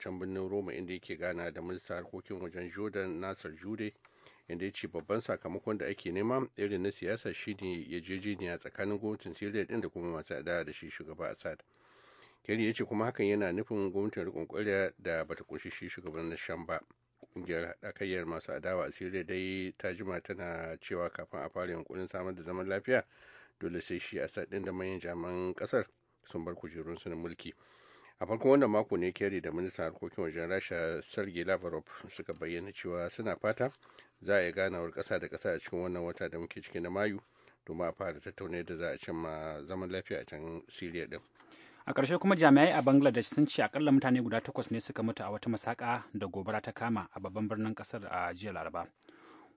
can birnin roma inda yake gana da minista harkokin wajen jordan nasar jude inda ya ce babban sakamakon da ake nema irin na siyasa shine yarjejeniya tsakanin gwamnatin syria din da kuma masu adawa da shi shugaba assad kerry ya ce kuma hakan yana nufin gwamnatin rikon kwarya da bata kunshi shi shugaban na sham ba kungiyar haɗakayyar masu adawa a syria dai ta jima tana cewa kafin a fara yunkurin samar da zaman lafiya dole sai shi assad din da manyan jaman kasar sun bar kujerunsu na mulki a farkon wannan mako ne kerry da ministan harkokin wajen rasha sergei lavrov suka bayyana cewa suna fata za a yi ganawar kasa da kasa a cikin wannan wata da muke ciki na mayu domin a fara tattauna da za a cimma zaman lafiya a can siriya din a ƙarshe kuma jami'ai a bangladesh sun ce akalla mutane guda takwas ne suka mutu a wata masaka da gobara ta kama a babban birnin ƙasar a jiya laraba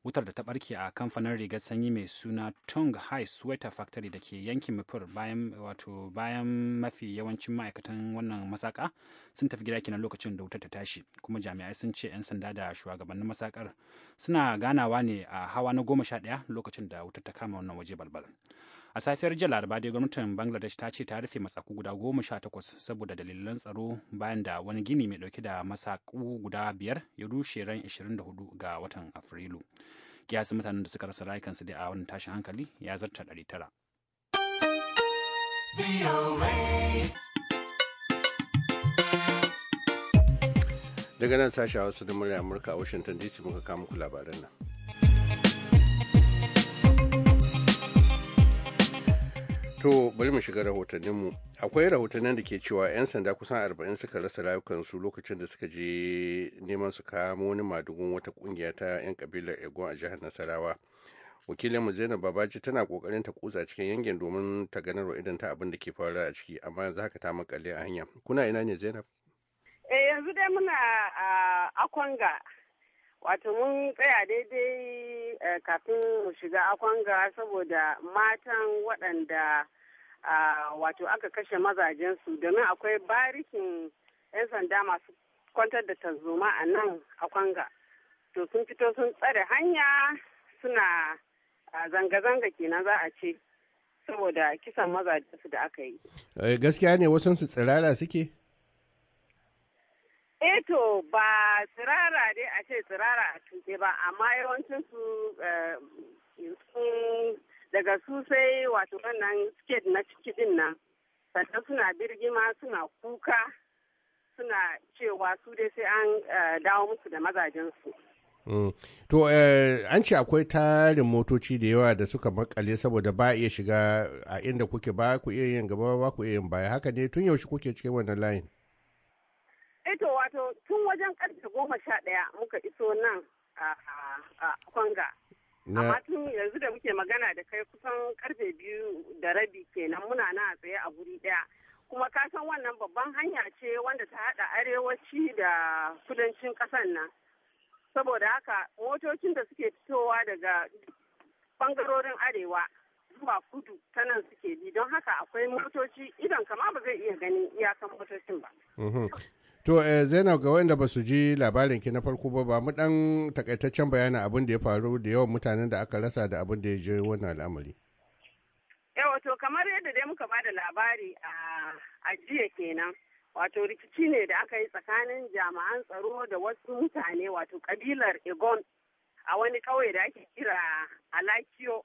wutar da ta barke a kamfanin rigar sanyi mai suna tong high sweater factory da ke yankin mafur bayan wato bayan mafi yawancin ma'aikatan wannan masaka sun tafi gida kenan lokacin da wutar ta tashi kuma jami'ai sun ce 'yan sanda da shugabannin masakar suna ganawa ne a hawa na goma sha ɗaya lokacin da wutar ta kama wannan waje balbal a safiyar jiya laraba dai gwamnatin bangladesh ta ce ta rufe masaku guda goma sha takwas saboda dalilan tsaro bayan da wani gini mai dauke da masaku guda biyar ya rushe ran 24 ga watan afrilu kiyasi mutanen da suka rasa rayukansu da a wani tashin hankali ya zarta 900 daga nan sashi a wasu da murya amurka a washington dc muka kama ku labaran nan To bari mu shiga rahotanninmu. Akwai rahotannin da ke cewa 'yan sanda kusan arba'in suka rasa rayukansu lokacin da suka je neman su kamo wani madugun wata kungiya ta 'yan kabilar Egon a jihar Nasarawa. Wakilinmu Zainab Babaji tana kokarin ta kusa cikin yankin domin ta ganar wa idan ta abin da ke faruwa a ciki amma yanzu haka ta makale a hanya. Kuna ina ne Zainab? Eh yanzu dai muna a Akwanga. Wato mun tsaya daidai eh, kafin mu shiga akwanga saboda matan waɗanda wato aka kashe mazajensu domin akwai barikin 'yan sanda masu kwantar da tanzoma a nan akwanga. To sun fito sun tsare hanya suna zanga-zanga kenan za a ce saboda kisan mazajensu da aka yi. Eh, gaskiya ne su tsirara suke? Eto eh to ba tsirara dai a ce tsirara a tuke ba amma yawancin su eh, daga su sai wato wannan skate na ciki din nan sannan suna birgima suna kuka suna cewa su dai sai an eh, dawo musu da mazajensu. Mm. To an ce akwai tarin motoci da yawa da suka makale saboda ba iya shiga a inda kuke ba ku iya yin gaba ba ku iya yin baya haka ne tun yaushe kuke cikin wannan layin. Eto eh wato tun wajen karfe goma sha ɗaya muka iso nan a Kwanga. Amma tun yanzu da muke magana da kai kusan karfe biyu da rabi kenan muna na tsaye a guri ɗaya. Kuma ka san wannan babban hanya ce wanda ta haɗa arewaci da kudancin ƙasan nan. Saboda haka motocin da suke fitowa daga bangarorin arewa zuwa kudu ta nan suke bi don haka akwai motoci idan kama ba zai iya ganin iyakan motocin ba. To eh, Zainab ga wanda ba su ji labarin ki na farko ba ba mu dan takaitaccen bayanin abin da ya faru da yawan mutanen da aka rasa da abin da ya je wannan al'amari. Yawa to kamar yadda dai muka bada labari a jiya kenan. Wato rikici ne da aka yi tsakanin jami'an tsaro da wasu mutane wato kabilar Egon a wani kauye da ake kira Alakiyo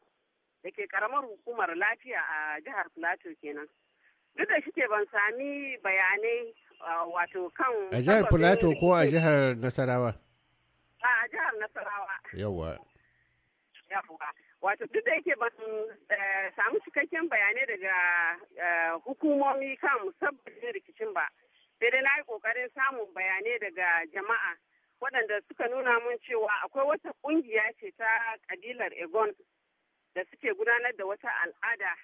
da ke karamar hukumar lafiya a jihar Plateau kenan. Duk da shike ban sami bayanai wato kan. A jihar Filato ko a jihar Nasarawa? A jihar Nasarawa. Yawwa. Wato duk da yake ban eh, samu cikakken bayanai daga eh, hukumomi kan sabbin rikicin ba. Sai dai na yi kokarin samun bayanai daga jama'a waɗanda suka nuna mun cewa akwai wata ƙungiya ce ta ƙabilar Egon da suke gudanar da wata al'ada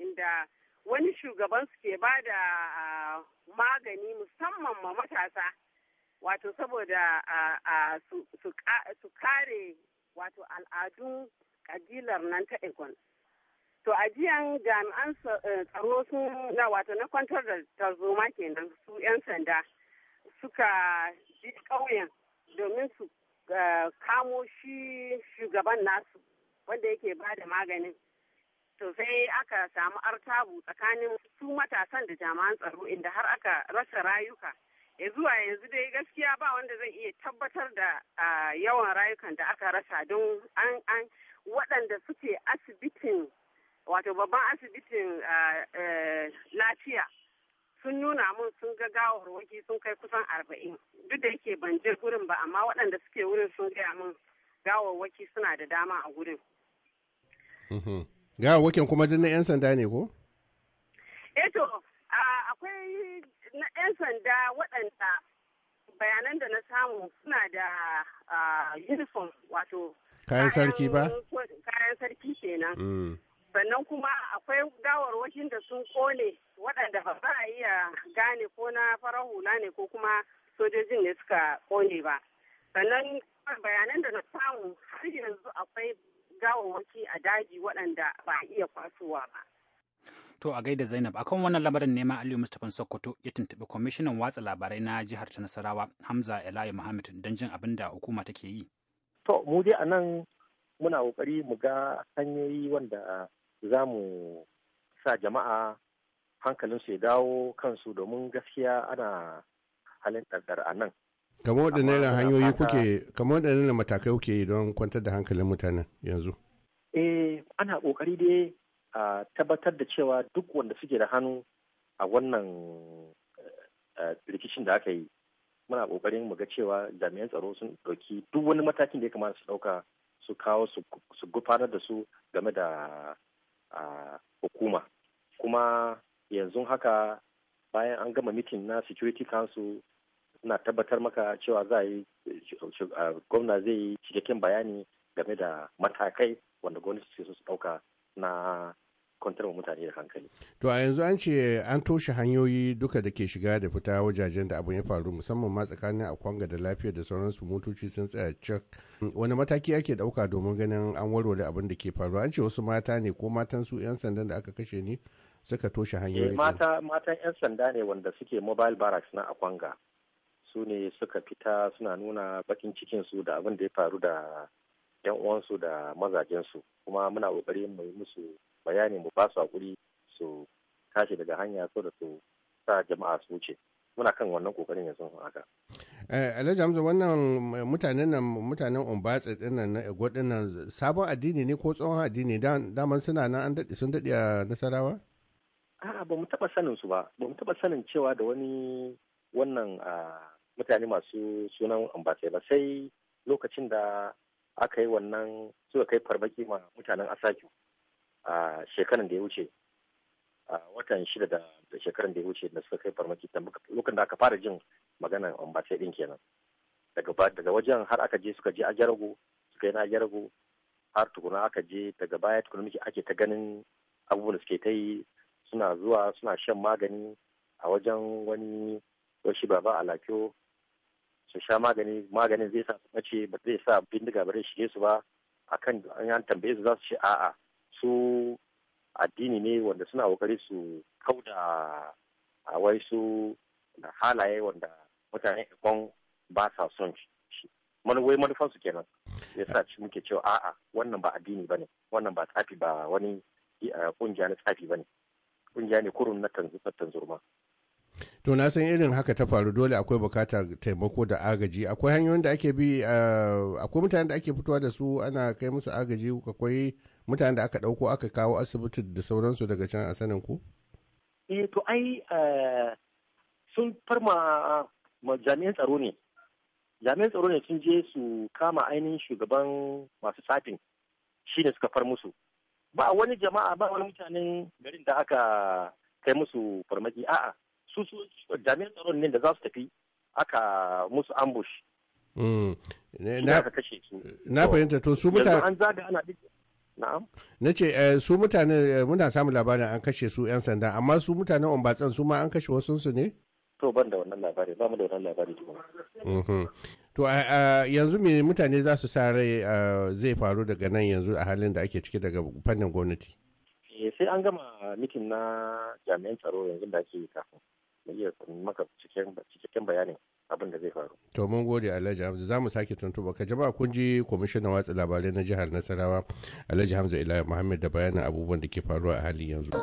inda wani shugaban su ke ba da magani musamman ma matasa wato saboda su kare wato al'adun kabilar nan ta egon to ajiyan jami'an eh, tsaro sun na wato na kwantar da tarzoma kenan su 'yan sanda suka ji ƙauyen domin su eh, kamo shi shugaban nasu wanda yake ba da maganin to sai aka samu artabu tsakanin su matasan da jami'an tsaro inda har aka rasa rayuka ya zuwa yanzu dai gaskiya ba wanda zai iya tabbatar da yawan rayukan da aka rasa don an an waɗanda suke asibitin wato babban asibitin e, lafiya sun nuna mun sun ga gawar waki sun kai kusan arba'in duk da yake ban je gurin ba amma waɗanda suke wurin sun gaya mun waki suna da dama a gurin mm-hmm. Ga wakin kuma duk na 'yan sanda ne ko? Eto, eh akwai na 'yan sanda waɗanda bayanan da na samu suna da uniform wato. Kayan sarki ba? Kayan sarki kenan. Mm. sannan kuma akwai gawarwashin da sun kone waɗanda ba za a iya gane ko na farar hula ne ko kuma sojojin ne suka kone ba sannan bayanan da na samu har yanzu akwai gawawaki a daji waɗanda ba a iya kwasowa ba. To a gaida Zainab akan wannan lamarin nema Aliyu Mustapha Sokoto ya tuntuɓi kwamishinan watsa labarai na jihar ta Nasarawa Hamza elayi Muhammad don jin abin da hukuma take yi. To mu dai a nan muna kokari mu ga hanyoyi wanda za mu sa jama'a hankalin su ya dawo kansu domin gaskiya ana halin ɗarɗar a nan. kamar na hanyoyi kuke kamar na matakai kuke don kwantar da hankalin mutanen yanzu eh ana kokari dai a tabbatar da cewa duk wanda suke da hannu a wannan eh, eh, rikicin da aka yi muna kokarin mu ga cewa jami'an tsaro sun ɗauki duk wani matakin da ya kamata su ɗauka su kawo su gufanar da su game da hukuma kuma yanzu haka bayan an gama mitin na security council na tabbatar maka cewa za yi gwamna zai yi cikakken bayani game da matakai wanda gwamnati suke su ɗauka na kwantar wa mutane da hankali. To a yanzu an ce an toshe hanyoyi duka da ke shiga da fita wajajen da abin ya faru musamman ma tsakanin akwanga da lafiya da sauransu motoci sun tsaya cak. Wani mataki ake ɗauka domin ganin an warware abin da ke faru? an ce wasu mata ne ko matan su 'yan sandan da aka kashe ne suka toshe hanyoyi. Eh, mata matan 'yan sanda ne wanda suke mobile barracks na akwanga. su ne suka fita suna nuna bakin cikinsu da abin da ya faru da yan uwansu da mazajensu kuma muna kokari mu yi musu bayani mu ba su hakuri su tashi daga hanya so da su sa jama'a su wuce muna kan wannan kokarin yanzu haka eh, Alhaji Hamza wannan mutanen nan mutanen Umbatse nan na Ego dinnan sabon addini ne ko tsohon addini daman suna nan an daɗe sun daɗe a Nasarawa? A'a ba mu taɓa sanin su ba ba mu taɓa sanin cewa da wani wannan ah, mutane masu sunan ambasai ba sai lokacin da aka yi wannan suka kai farmaki ma mutanen asaki a shekaran da ya wuce a watan shida da shekaran da ya wuce da suka kai farmaki lokacin da aka fara jin maganar ambasai din kenan daga daga wajen har aka je suka je a jarago suka yi na jarago har tukuna aka je daga baya tukuna muke ake ta ganin abubuwan da suke ta yi suna zuwa suna shan magani a wajen wani washi baba a lafiyo su sha magani maganin zai sa su bace ba zai sa bindiga ba zai shige su ba akan an tambaye su za su ce a'a su addini ne wanda suna kokari su kauda a wai su halaye wanda mutane ikon ba sa son shi manufai manufan su kenan ya sa ci muke cewa a'a wannan ba addini ba ne wannan ba tsafi ba wani kungiya na tsafi ba ne kungiya ne kurun na tanzurma to na san irin haka ta faru dole akwai bukatar taimako da agaji akwai hanyoyin da ake bi eh, akwai mutanen da ake fitowa da su ana kai musu agaji akwai mutanen da aka dauko aka kawo asibiti da sauransu daga can a sanin ku eh to ai eh, sun farma jami'an tsaro ne jami'an tsaro ne sun je su kama ainihin shugaban masu satin shi ne suka far musu ba wani jama'a ba wani mutanen garin da aka kai musu farmaki a'a su su jami'an tsaron ne da za su tafi aka musu ambush mm. na fahimta to su mutane an zaga ana na'am na ce eh, su mutane eh, muna samun labarin an kashe su 'yan sanda amma su mutanen ombatsan su ma an kashe wasu su ne to ban da wannan labari ba mu da wannan labari mhm. to yanzu me mutane za su sa rai zai faru daga nan yanzu a halin da ake ciki daga fannin gwamnati eh, sai an gama mitin na jami'an tsaro yanzu da ake kafin na iya maka cikakken bayanin abin da zai faru. To mun gode Alhaji Hamza za mu sake tuntuba ka jama'a kun ji kwamishinan watsa labarai na jihar Nasarawa Alhaji Hamza Ilayi Muhammad da bayanin abubuwan da ke faruwa a halin yanzu. Ba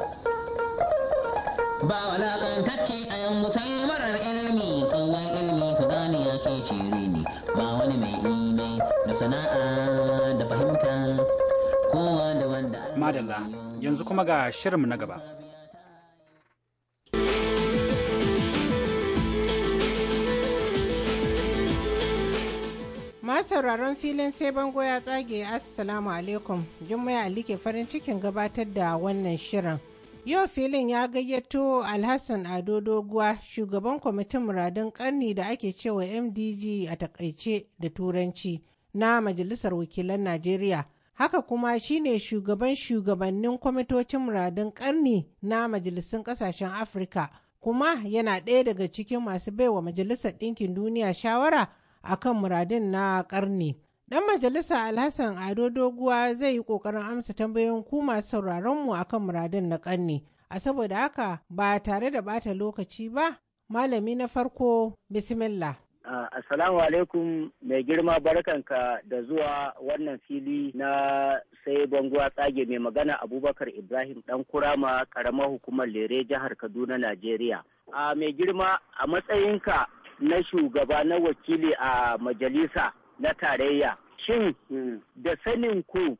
walakantacce a yanzu sai marar ilimi kawai ilimi ku gane ya ke cire ne ba wani mai ilimi da sana'a da fahimta kowa da wanda. Madalla yanzu kuma ga shirinmu na gaba. Ma sauraron filin sai bango ya tsage assalamu alaikum jummai ali ke farin cikin gabatar da wannan shirin yau filin ya gayyato alhassan ado doguwa shugaban kwamitin muradun karni da ake cewa mdg a takaice da turanci na majalisar wakilan najeriya haka kuma shine shugaban shugabannin kwamitocin muradun karni na majalisun kasashen afirka kuma yana ɗaya daga cikin masu baiwa majalisar ɗinkin duniya shawara akan muradin na ƙarni. Ɗan majalisa Alhassan Ado Doguwa zai yi ƙoƙarin amsa tambayoyin ku masu sauraronmu akan muradin na ƙarni. A saboda haka ba tare da bata lokaci ba, malami na farko bismillah. Uh, Assalamu alaikum mai girma barkanka da zuwa wannan fili na sai banguwa tsage mai magana Abubakar Ibrahim ɗan kurama ƙaramar hukumar lere jihar Kaduna, Najeriya. a uh, mai girma a matsayinka na shugaba na wakili a majalisa na tarayya shin hmm. da sanin ku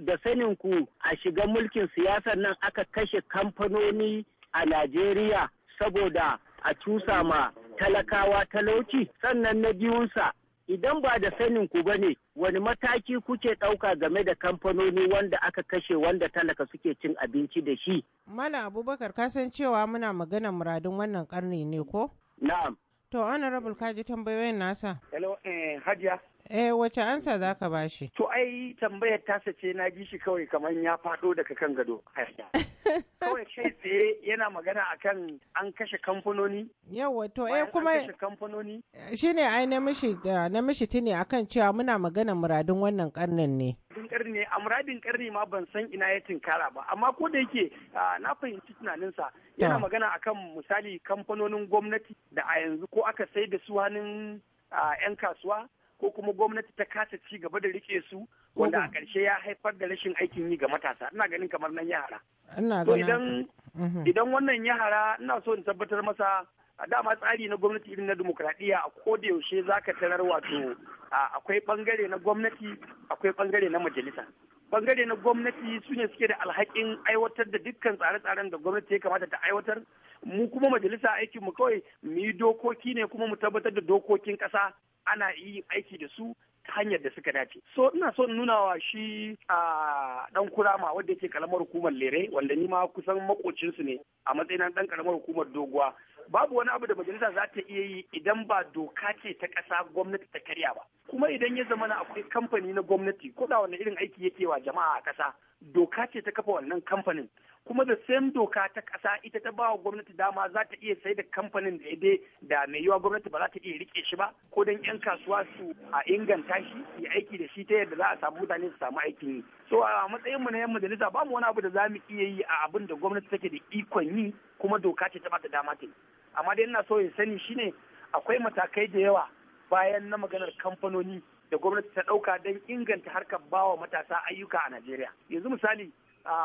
da sanin a shiga mulkin siyasar nan aka kashe kamfanoni a Najeriya saboda a cusa ma talakawa talauci sannan na biyunsa idan ba da sanin ku bane wani mataki kuke ɗauka game da kamfanoni wanda aka kashe wanda talaka suke cin abinci da shi. Mala Abubakar san cewa muna magana muradun wannan karni ne ko? Na'am. To honorable kaji tambayoyin nasa. Hello eh Hajiya. Eh wace ansa za ka bashi? To ai tambayar tasa ce na ji shi kawai kamar ya faɗo daga kan gado. Kawai kai tsaye yana magana akan an kashe kamfanoni. Yawwa to eh kuma an kashe kamfanoni. ne ai na mishi eh, na mishi tuni akan cewa muna magana muradin wannan karnin ne. karni ne a muradin karni ma ban san ina ya tinkara ba amma ko da yake ah, na fahimci tunaninsa yana magana akan misali kamfanonin gwamnati da a yanzu ko aka sai da su hannun ah, 'yan kasuwa ko kuma gwamnati ta kasa ci gaba da rike su wanda a ƙarshe ya haifar da rashin aikin yi ga matasa ina ganin kamar nan yara to idan idan wannan yara ina so in tabbatar masa a dama tsari na gwamnati irin na demokradiyya a koda yaushe za ka tarar wato akwai bangare na gwamnati akwai bangare na majalisa bangare na gwamnati su ne suke da alhakin aiwatar da dukkan tsare-tsaren da gwamnati ya kamata ta aiwatar mu kuma majalisa aikinmu kawai mu yi dokoki ne kuma mu tabbatar da dokokin ƙasa ana yi aiki da su ta hanyar da suka dace. So ina so in nuna wa shi a dan kurama wanda yake kalamar hukumar lere wanda ni ma kusan makocinsu ne a matsayin dan kalamar hukumar doguwa. Babu wani abu da majalisa za ta iya yi idan ba doka ce ta ƙasa gwamnati ta karya ba. Kuma idan ya zama na akwai kamfani na gwamnati ko da wani irin aiki yake wa jama'a a ƙasa doka ce ta kafa wannan kamfanin kuma da same doka ta ƙasa ita ta ba wa gwamnati dama za ta iya sai da kamfanin da ya da mai yiwa gwamnati ba za ta iya rike shi ba ko don 'yan kasuwa su a inganta shi ya aiki da shi ta yadda za a samu mutane su samu aikin yi so a matsayin mu na 'yan majalisa ba mu wani abu da za mu iya yi a abin da gwamnati take da ikon yi kuma doka ce ta ba ta dama ta yi amma dai ina so in sani shine akwai matakai da yawa bayan na maganar kamfanoni da gwamnati ta ɗauka don inganta harkar bawa matasa ayyuka a Najeriya yanzu misali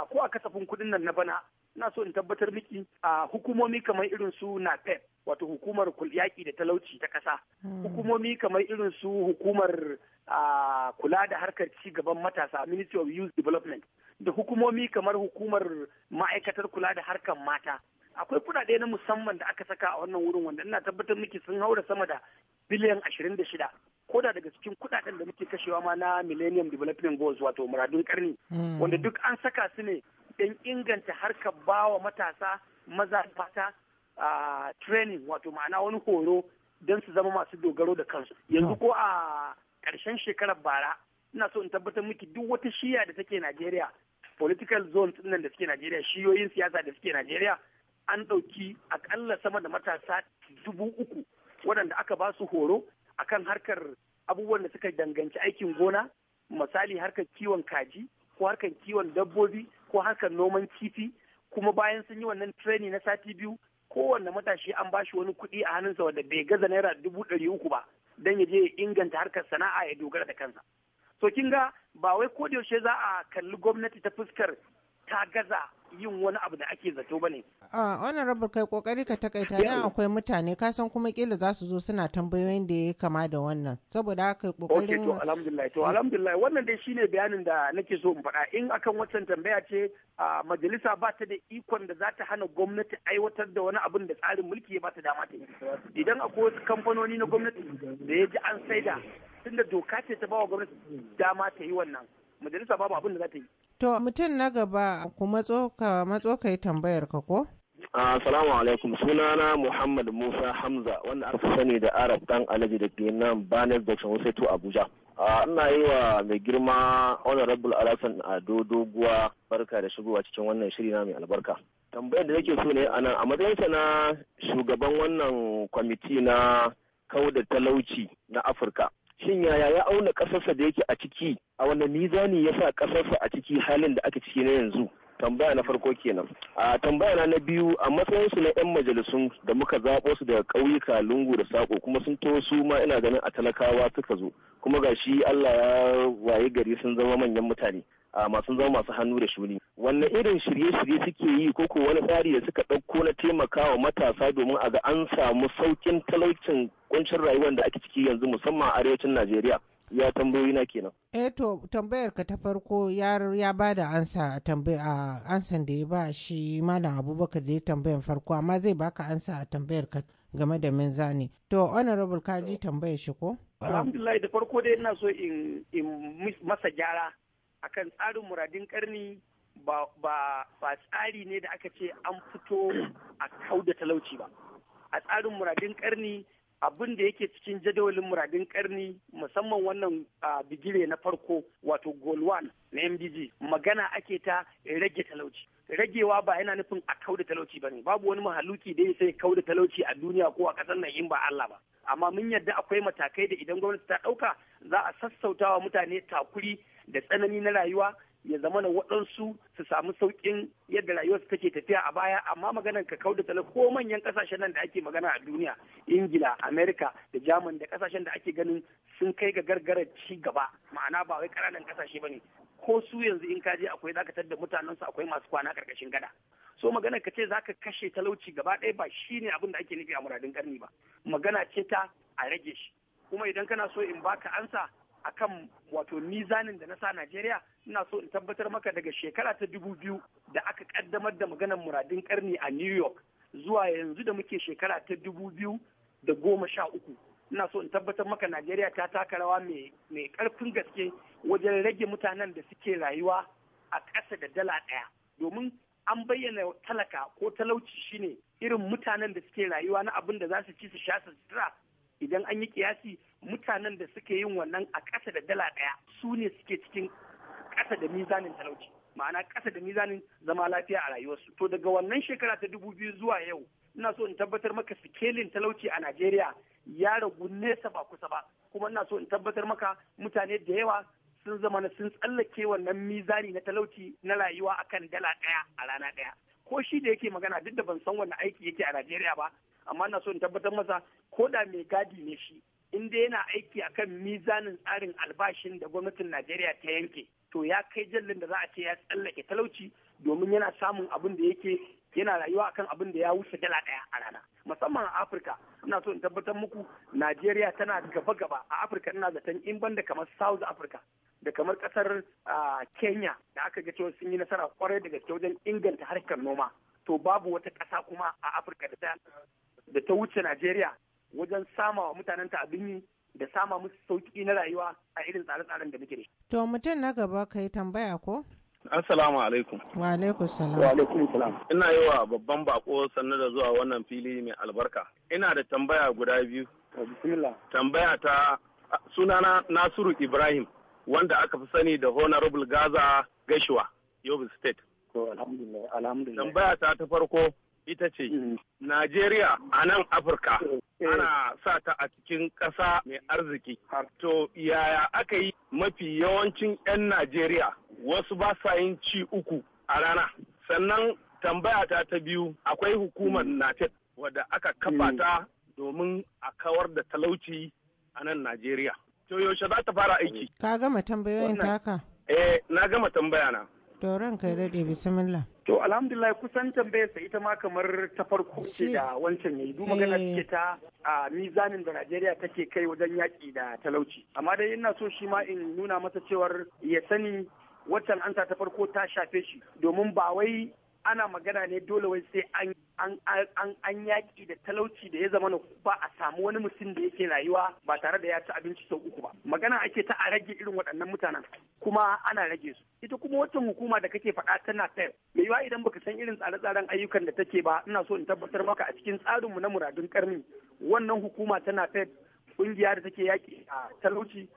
ko a kasafin kuɗin nan na bana ina so in tabbatar miki a hukumomi kamar irin su NAPEP wato hukumar yaƙi da talauci ta ƙasa hmm. hukumomi kamar irin su hukumar kula da harkar ci gaban matasa Ministry of Youth Development da hukumomi kamar hukumar ma'aikatar kula da harkar mata akwai kuɗaɗe na musamman da aka saka a wannan wurin wanda ina tabbatar miki sun haura sama da biliyan ashirin shida ko da daga cikin kudaden da muke kashewa ma na millennium development goals wato muradun karni hmm. wanda duk an saka su ne don inganta harkar bawa matasa maza fata training wato ma'ana wani horo don su zama masu dogaro da kansu yanzu hmm. ko a ƙarshen shekarar bara ina so in tabbatar miki duk wata shiya da take najeriya political zones nan da suke najeriya shiyoyin siyasa da suke najeriya an ɗauki akalla sama da matasa dubu uku waɗanda aka ba su horo akan harkar abubuwan da suka danganci aikin gona misali harkar kiwon kaji ko harkar kiwon dabbobi ko harkar noman kifi kuma bayan sun yi wannan training na sati biyu kowanne matashi an ba shi wani kuɗi a hannunsa wanda bai gaza naira dubu ɗari uku ba don ya je inganta harkar sana'a ya dogara da kansa so kin ga ba wai ko yaushe za a kalli gwamnati ta fuskar ta gaza yin wani abu da ake zato ba ne. a wannan rabar kai kokari ka takaita dan akwai mutane ka san kuma kila za su zo suna tambayoyin da ya kama da wannan saboda haka kokarin. ok to alhamdulillah to eh. alhamdulillah wannan dai shine bayanin da nake so in faɗa in akan wancan tambaya ce majalisa ba ta da ikon da za ta hana gwamnati aiwatar da wani abin da tsarin mulki ya ba ta dama ta yi idan akwai wasu kamfanoni na gwamnati da ya ji an saida tunda doka ce ta ba wa gwamnati dama ta yi wannan majalisa babu abin da za ta yi. To mutum na gaba ku matso ka yi tambayar ka ko? Ah, assalamu alaikum sunana Muhammad Musa Hamza wanda aka sani da Arab dan Alhaji da ke Banes da Can to Abuja. Ah, ina yi wa mai girma Honorable Alasan Ado Doguwa barka da shigowa cikin wannan shiri na mai albarka. Tambayar da nake so ne a nan a matsayinsa na shugaban wannan kwamiti na kauda talauci na Afirka shin yaya ya auna kasarsa da yake a ciki a wani mizani ya sa kasarsa a ciki halin da aka ciki na yanzu tambaya na farko kenan a tambaya na na biyu a matsayinsu na 'yan majalisun da muka zaɓo su daga ƙauyuka lungu da saƙo kuma sun to su ma ina ganin a talakawa suka zo kuma ga shi allah ya waye gari sun zama manyan mutane masu zama masu hannu da shuni wanne irin shirye-shirye suke yi ko ko wani tsari da suka ɗauko na taimakawa matasa domin a ga an samu saukin talaucin kuncin rayuwar da ake ciki yanzu musamman a arewacin najeriya ya tambayoyi na kenan. eh to tambayar ka ta farko ya ba da ansa tambaya ansan da ya ba shi malam abubakar da ya tambayar farko amma zai baka ansa a tambayar ka game da minzani to honorable kaji tambayar shi ko. alhamdulillah da farko dai ina so in masa gyara akan tsarin muradin karni ba, tsari ne da aka ce an fito a kau da talauci ba a tsarin muradin karni abin da yake cikin jadawalin muradin karni musamman wannan bigire na farko wato goal one na mbg magana ake ta rage talauci ragewa ba yana nufin a kau da talauci ba ne babu wani mahaluki da ya sai kau da talauci a duniya ko a ƙasar nan in ba Allah ba amma mun yarda akwai matakai da idan gwamnati ta ɗauka za a sassautawa mutane takuri da tsanani na rayuwa ya zama na waɗansu su samu sauƙin yadda su take tafiya a baya amma maganar ka da tala ko manyan ƙasashen nan da ake magana a duniya ingila amerika da jaman da ƙasashen da ake ganin sun kai ga gargarar ci gaba ma'ana ba wai ƙananan ƙasashe ba ne ko su yanzu in ka je akwai dakatar da mutanen su akwai masu kwana ƙarƙashin gada so magana ka ce za ka kashe talauci gaba ɗaya ba ne abin da ake nufi a muradin ƙarni ba magana ce ta a rage shi kuma idan kana so in baka ansa akan wato mizanin da na sa Najeriya ina so in tabbatar maka daga shekara ta dubu biyu da aka kaddamar da maganar muradin karni a New York zuwa yanzu da muke shekara ta dubu biyu da goma sha uku ina so in tabbatar maka Najeriya ta taka rawa mai karfin gaske wajen rage mutanen da suke rayuwa a ƙasa da dala ɗaya domin an bayyana talaka ko talauci shine irin mutanen da suke rayuwa na abin da za su ci su sha su idan an yi kiyasi mutanen da suke yin wannan a ƙasa da dala ɗaya su ne suke cikin ƙasa da mizanin talauci ma'ana ƙasa da mizanin zama lafiya a rayuwarsu to daga wannan shekara ta dubu biyu zuwa yau ina so in tabbatar maka sikelin talauci a najeriya ya ragu nesa ba kusa ba kuma ina so in tabbatar maka mutane da yawa sun zama na sun tsallake wannan mizani na talauci na rayuwa akan dala ɗaya a rana ɗaya ko shi da yake magana duk da ban san wani aiki yake a najeriya ba amma na so in tabbatar masa ko da mai gadi ne shi in dai yana aiki akan mizanin tsarin albashin da gwamnatin Najeriya ta yanke to ya kai jallin da za a ce ya tsallake talauci domin yana samun abin da yake yana rayuwa akan abin da ya wuce dala ɗaya a rana musamman a afirka ina so in tabbatar muku najeriya tana gaba gaba a afirka ina zaton in banda kamar south africa da kamar kasar kenya da aka ga cewa sun yi nasara kwarai daga gaske wajen inganta harkar noma to babu wata kasa kuma a afirka da ta da ta wuce Najeriya wajen sama wa mutanen ta abin yi da sama musu sauƙi na rayuwa a irin tsare-tsaren da muke da shi. To mutum na gaba ka yi tambaya ko? Assalamu alaikum. Wa alaikum salam. Wa alaikum salam. Ina yi wa babban bako sannu da zuwa wannan fili mai albarka. Ina da tambaya guda biyu. Bismillah. Tambaya ta sunana Nasiru Ibrahim wanda aka fi sani da Honorable Gaza Gashuwa, Yobe State. alhamdulillah. Alhamdulillah. Tambaya ta ta farko ita ce mm. Najeriya a nan Afirka mm. eh. ana sa ta a cikin ƙasa mai arziki. To yaya aka yi mafi yawancin 'yan Najeriya wasu ba sa yin ci uku a rana. Sannan tambaya ta ta biyu akwai hukumar mm. NATED wadda aka kafa ta domin a kawar da talauci a nan Najeriya. To yaushe za ta fara aiki? Ka gama tambayoyin taka? Eh, na gama tambaya na. To ranka ya daɗe bismillah. To alhamdulillah kusan tambayar sa ita ma kamar ta farko ce da wancan yayi duk magana take ta a mizanin da Najeriya take kai wajen yaƙi da talauci. Amma dai ina so shi ma in nuna masa cewar ya sani waccan ansa ta farko ta shafe shi domin ba wai ana magana ne dole wai sai an yaƙi da talauci da ya zama ba a samu wani mutum da yake rayuwa ba tare da ya ci abinci sau uku ba magana ake ta a rage irin waɗannan mutanen kuma ana rage su ita kuma watan hukuma da kake faɗa tana tayar me yiwa idan baka san irin tsare-tsaren ayyukan da take ba ina so in tabbatar maka a cikin tsarinmu na muradun ƙarni wannan hukuma tana tayar ƙungiya da take yaƙi a talauci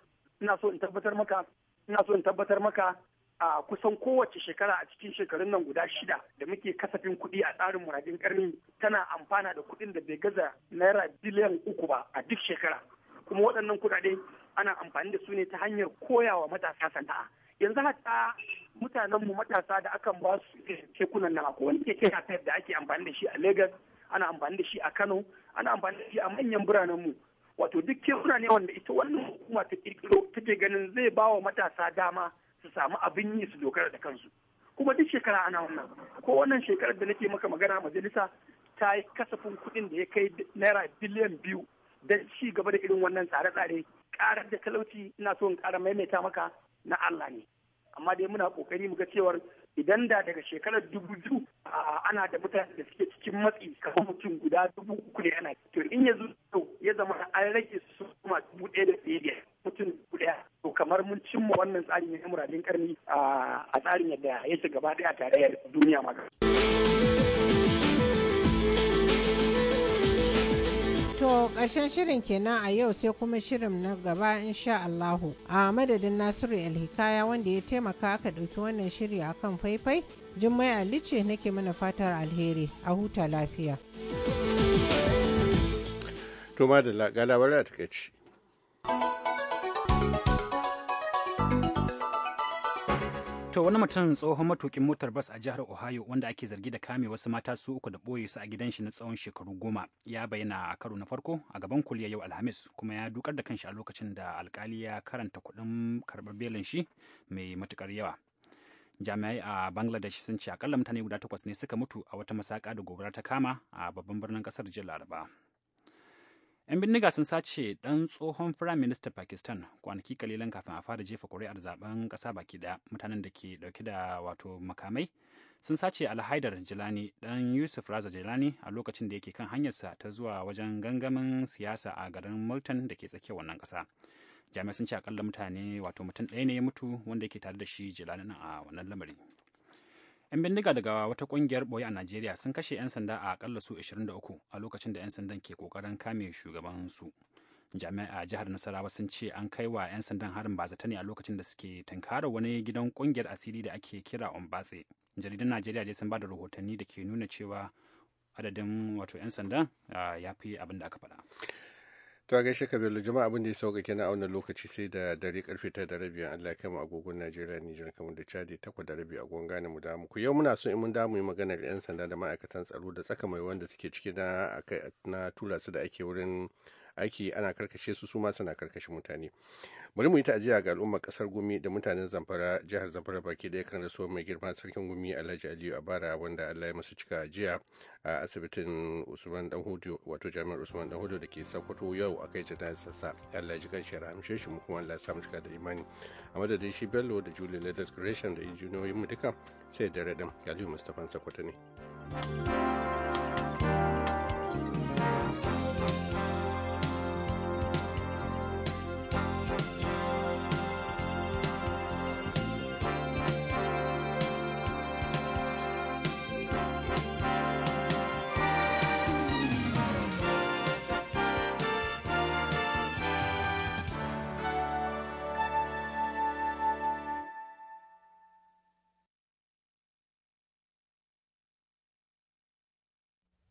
ina so in tabbatar maka ina so in tabbatar maka a kusan kowace shekara a cikin shekarun nan guda shida da muke kasafin kuɗi a tsarin muradin ƙarni tana amfana da kuɗin da bai gaza naira biliyan uku ba a duk shekara kuma waɗannan kuɗaɗe ana amfani da su ne ta hanyar koyawa matasa sana'a yanzu hatta mutanen mu matasa da akan ba su kekunan nan ko wani keke da ake amfani da shi a Legas ana amfani da shi a Kano ana amfani da shi a manyan biranen mu wato duk kekuna ne wanda ita wannan hukuma ta kirkiro take ganin zai ba wa matasa dama su samu abin yi su dogara da kansu kuma duk shekara ana wannan ko wannan shekarar da nake maka magana majalisa ta yi kasafin kuɗin da ya kai naira biliyan biyu don ci gaba da irin wannan tsare-tsare ƙarar da talauci ina so in ƙara maimaita maka na Allah ne amma dai muna ƙoƙari mu ga cewar idan da daga shekarar dubu biyu ana da mutane da suke cikin matsi kamar mutum guda dubu uku ne ana to in ya zo ya zama an rage su kuma dubu ɗaya da ɗaya biyar mutum guda to kamar mun cimma wannan tsarin ya karni a tsarin yadda ya shiga gaba ɗaya a tarayyar duniya ma. To ƙarshen shirin kenan a yau sai kuma shirin na gaba insha Allahu a madadin Nasiru Alhikaya wanda ya taimaka aka ɗauki wannan shiri a kan faifai Jummai Ali ce nake mana fatar alheri a huta lafiya. da labarai a takaici. To wani mutum tsohon matukin motar bas a jihar Ohio wanda ake zargi da kame wasu mata su uku da ɓoye su a gidan shi na tsawon shekaru goma ya bayyana a karo na farko a gaban kuliya yau Alhamis kuma ya dukar da kanshi a lokacin da alkali ya karanta kuɗin karɓar belin shi mai matukar yawa. Jami'ai a Bangladesh sun ce akalla mutane guda takwas ne suka mutu a wata masaka da gobara ta kama a babban birnin ƙasar jiya Laraba. 'Yan bindiga sun sace ɗan tsohon Firayim minista Pakistan kwanaki kalilan kafin a fara jefa ƙuri'ar zaben kasa baki ɗaya mutanen da ke dauke da wato makamai sun sace alhaidar Jilani dan Yusuf Raza Jilani a lokacin da yake kan hanyarsa ta zuwa wajen gangamin siyasa a garin Multan da ke tsakiyar wannan ƙasa. Jami'ai sun ce akalla mutane wato mutum ɗaya ne ya mutu wanda yake tare da shi Jilani a wannan lamarin. 'Yan bindiga daga wata kungiyar boye a Najeriya sun kashe 'yan sanda a akalla su 23 a lokacin da 'yan sandan ke kokarin kame shugaban su Jami'a jihar Nasarawa sun ce an kai wa 'yan sandan harin bazata ne a lokacin da suke tankara wani gidan kungiyar asiri da ake kira Ombatse. jaridar Najeriya dai sun ba da rahotanni da ke nuna cewa adadin wato 'yan sandan ah, ya fi abin da aka faɗa. To a gaishe Bello jama'a abin da ya sauka kenan a wannan lokaci sai da dare karfe ta da rabi Allah kai mu agogon Najeriya jiran kamar da Chadi takwa da rabi a Ghana mu da muku yau muna so in mun damu yi magana da yan sanda da ma'aikatan tsaro da tsaka mai wanda suke ciki na na tura su da ake wurin aiki ana karkashe su suma suna karkashe mutane bari mu yi ta'aziyya ga al'ummar kasar gumi da mutanen zamfara jihar zamfara baki daya kan rasuwar mai girma sarkin gumi alhaji aliyu abara wanda allah ya masa cika jiya a asibitin usman dan hudu wato jami'ar usman dan hudu da ke sokoto yau a kai jana'izar sa allah ya ji kan shara amshe shi mu kuma allah ya samu cika da imani a madadin shi bello da julie leather creation da injiniyoyin mu duka sai da radin aliyu mustapha sokoto ne thank you